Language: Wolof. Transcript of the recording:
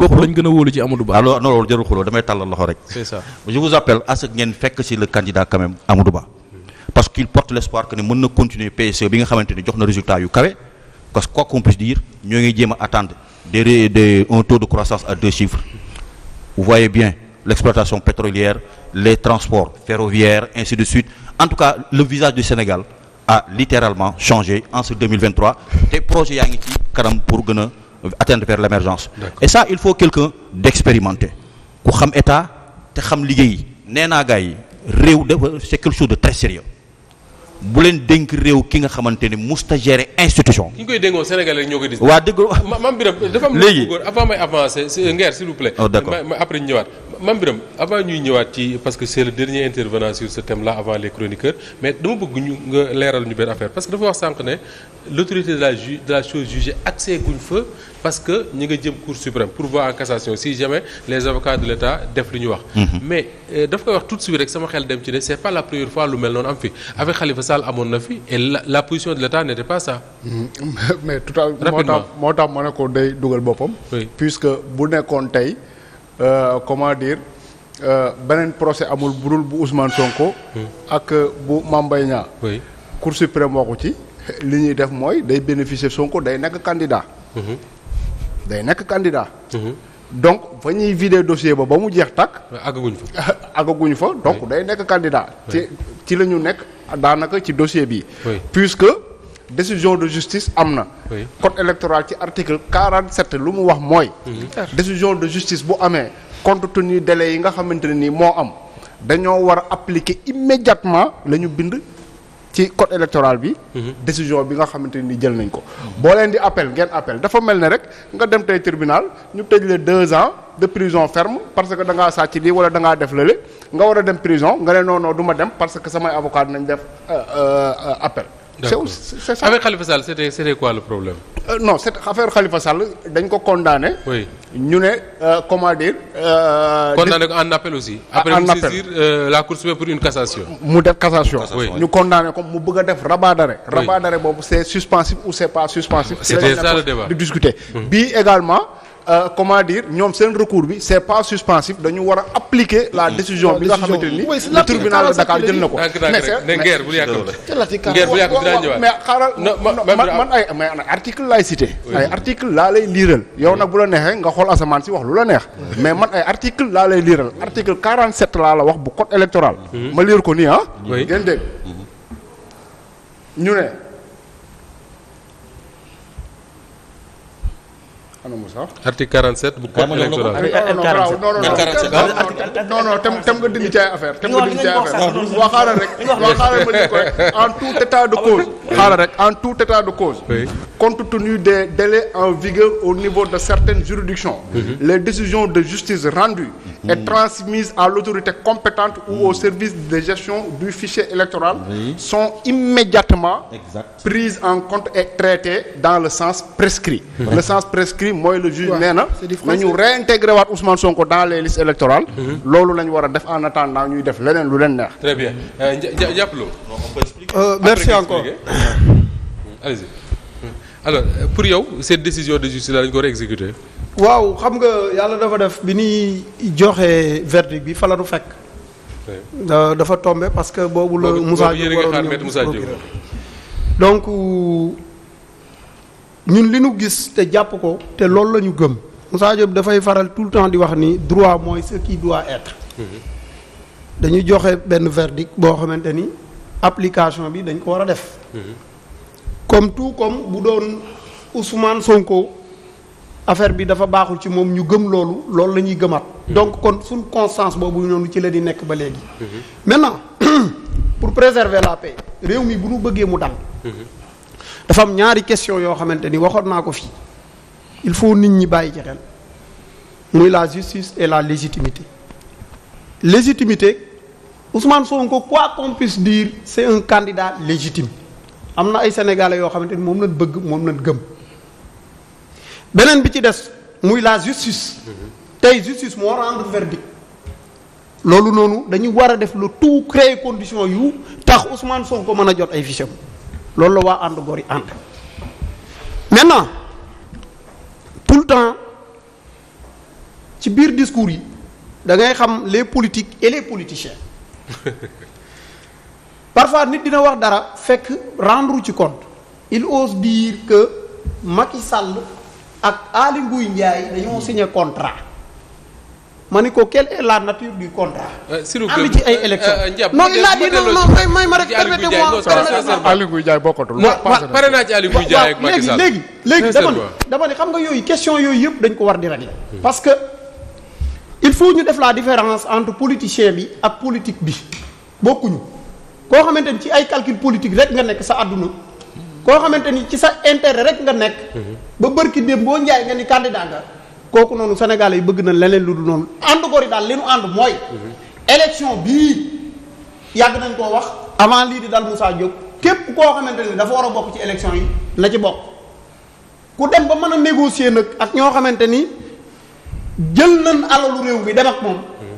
bopp lañ gën a wóolu ci Amadou Ba. alors non loolu jarul xuloo damay tàllal loxo rek. je vous appelle à ce que ngeen fekk si le candidat quand même Amadou Ba. parce qu'il porte l'espoir que ne mën na continuer PSE bi nga xamante ne jox na résultat yu kawe parce que quoi qu'on puisse dire ñoo ngi jéem a attendre des un taux de croissance à deux chiffres. vous voyez bien l'exploitation pétrolière les transports ferroviaires ainsi de suite en tout cas le visage du Sénégal a littéralement changé en ce yaa ngi ci pour gën a. atteindre vers l'émergence et ça il faut quelqu'un d'expérimenté ku xam état te xam liggéey nee naa gars yi réew de c'est quelque chose de très sérieux bu leen denk réew ki nga xamante ne musta gérer institution. ki ñu koy dénkoon Sénégalais ñoo koy gis. waa dégg ma maam Birame dafa am. léegi avant may avancer si euh, Nguer s'il oh d'accord ñëwaat. Mame Birame avant ñuy ñëwaat ci parce que c'est le dernier intervenant sur ce thème-là avant les chroniqueurs mais dama bëgg ñu nga leeral ñu benn affaire parce que dafa wax sànq ne l'autorité de la ju de la chose jugée accès guñ fa parce que ñi nga jëm cour suprême pourvoi en cassation si jamais les avocats de l'État def li ñu wax. Mm-hmm. mais euh, daf koy wax tout suite rek sama xel dem ci de c'est pas la première fois lu mel noonu am fi avec Khalifa Sall amoon na fi et la mm-hmm. mais tout à moo moo tax ma ne ko day dugal boppam. puisque bu nekkoon tey. Euh, comment dire euh, beneen procès amul bu bu Ousmane Sonko. Hmm. ak euh, bu Mame Mbaye Niang. Cour suprême waxu ci. li ñuy def mooy day bénéficier Sonko day nekk candidat. Hmm. day nekk candidat. Hmm. donc fa ñuy vider dossier ba ba mu jeex takk àggaguñ fa àggaguñ fa donc day nekk candidat. ci ci la ñu nekk daanaka ci dossier bi. puisque décision de justice am na. code électoral ci article 47 lu mu wax mooy. Mhm. décision de justice bu amee compte tenu délai yi nga xamante ne nii moo am dañoo war a appliquer immédiatement la ñu bind ci code électoral bi. Mhm. décision bi nga xamante ne nii jël nañ ko. boo leen di appel ngeen appel dafa mel ne rek nga dem tey tribunal ñu tëj la deux ans de prison ferme parce que da ngaa sàcc lii wala da ngaa def lële nga war a dem prison nga ne non non dem parce que samay avocat nañ def euh, euh, euh, appel. c'est ça avec Khalifa Sall c'était quoi le problème. Euh, non cette affaire Khalifa Sall dañ ko condamné. oui ñu ne euh, comment dire. Euh, condamné ko en appel aussi. après mu saisir euh, la Cour suprême pour une cassation. mu def cassation. ñu condamné ko mu bëgg def rabat d'arrêt. rabat d'arrêt boobu c'est suspensif ou c'est pas suspensif. c'était ça le débat di discuter. bi également. Euh, comment dire ñoom seen recours bi c'est pas suspensif dañu war a appliquer la hmm. décision bi nga xamante ni le tribunal de Dakar jël na ko mais ngeer bu yàgg mais xaaral man ay mais article laay cité ay article laa lay liiral yow nag bu la neexee nga xool asamaan si wax lu la neex mais man ay article laa lay liiral article 47 laa la wax bu code électoral hmm. ma liir ko nii ah ngeen dégg hmm. ñu ne ana Moussa. article 47 bu ak non non tam tam nga dindi ci ay affaire tam nga dindi ci ay affaire waa xaaral rek waa xaaral ma ko rek en tout état de cause xaaral rek en tout état de cause compte tenu des délais en vigueur au niveau de certaines juridictions mhm. les décisions de justice rendues mhm. et transmises à l'autorité compétente ou au mhm. service de gestion du fichier électoral sont immédiatement prises en compte et traitées dans le sens prescrit le sens prescrit mooy le juge nee na nañu réintégrer waat Ousmane Sonko dans les listes loolu lañ war a def en attendant ñuy def leneen lu leen neex. très bien euh, jàpp loo on euh, merci encore euh, alors pour yow cette décision de justice la dañ ko war waaw xam nga yàlla dafa def bi ñuy joxe verdict bi fa du fekk. dafa tombé parce que boobu la. Moussa Diop waroon donc ñun li ñu gis te jàpp ko te loolu la ñu gëm. Moussa bi dafay faral tout le temps di wax ni droit mooy ce qui doit être. dañu joxe benn verdict boo xamante ni application bi dañ ko war a def. comme tout comme bu doon Ousmane Sonko affaire bi dafa baaxul ci moom ñu gëm loolu loolu la ñuy gëmaat. donc kon suñ constance boobu noonu ci la di nekk ba léegi. maintenant pour préserver la paix réew mi bu ñu bëggee mu dal. dafa am ñaari question yoo xamante ni waxoon naa ko fii. il faut nit ñi bàyyi ci xel muy la justice et la légitimité légitimité Ousmane Sonko quoi qu'on puisse dire c'est un candidat légitime am na ay sénégalais yoo xamante ni moom lañ bëgg moom lañ gëm beneen bi ci des muy la justice tey justice moo rendre verdict loolu noonu dañu war a def lu tout créer condition yu tax Ousmane ko mën a jot ay ficham loolu la waa ànd gor yi ànd maintenant temps ci biir discours yi da ngay xam les politiques et les politiciens parfois nit dina wax dara fekk rendre ci compte il ose dire que Macky Sall ak Aly Ngouille Ndiaye dañoo signé contrat ma ni ko quelle la nature du contrat. Euh, Sirou Gueye ci ay euh, élections. Euh, non il a dit non non may may ma rek. permettez-moi permettez-moi Aliou Gueye Ndiaye bokkatul. pare naa ci Aliou Gueye Ndiaye léegi léegi dama ni dama ni xam nga yooyu question yooyu yëpp dañ ko war di régler. parce que il faut ñu def la différence entre politicien bi ak politique bi bokkuñu koo xamante ni ci ay calcul politique rek nga nekk sa àdduna. koo xamante ni ci sa intérêt rek nga nekk. Mhm. ba bërki démb boo njaay nga ni candidat nga. kooku noonu Sénégalais yi bëgg na leneen lu du noonu ànd góor daal li nu ànd mooy. élection bii yàgg nañ koo wax avant lii di dal Moussa Diop képp koo xamante ni dafa war a bokk ci élection yi na ci bokk ku dem ba mën a négocier nag ak ñoo xamante ni jël nañ alalu réew mi dem ak moom.